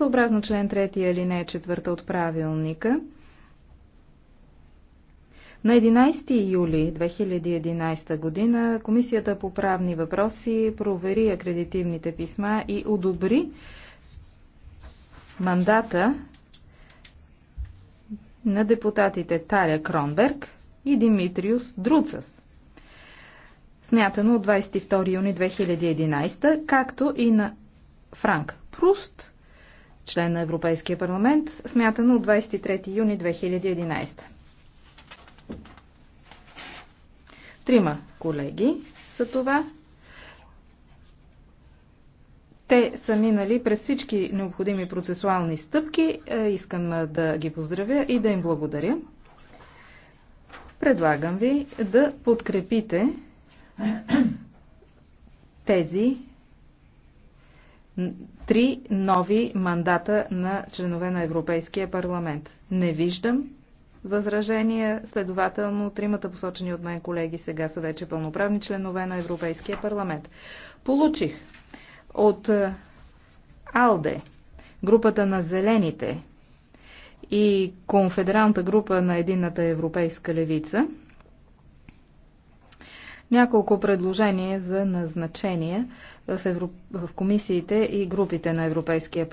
съобразно член 3 или не 4 от правилника. На 11 юли 2011 година Комисията по правни въпроси провери акредитивните писма и одобри мандата на депутатите Таля Кронберг и Димитриус Друцас, смятано от 22 юни 2011, както и на Франк Пруст член на Европейския парламент, смятано от 23 юни 2011. Трима колеги са това. Те са минали през всички необходими процесуални стъпки. Е, искам да ги поздравя и да им благодаря. Предлагам ви да подкрепите тези три нови мандата на членове на Европейския парламент. Не виждам възражения, следователно тримата посочени от мен колеги сега са вече пълноправни членове на Европейския парламент. Получих от е, АЛДЕ, групата на зелените и конфедералната група на Единната европейска левица – няколко предложения за назначение в, Европ... в комисиите и групите на Европейския парламент.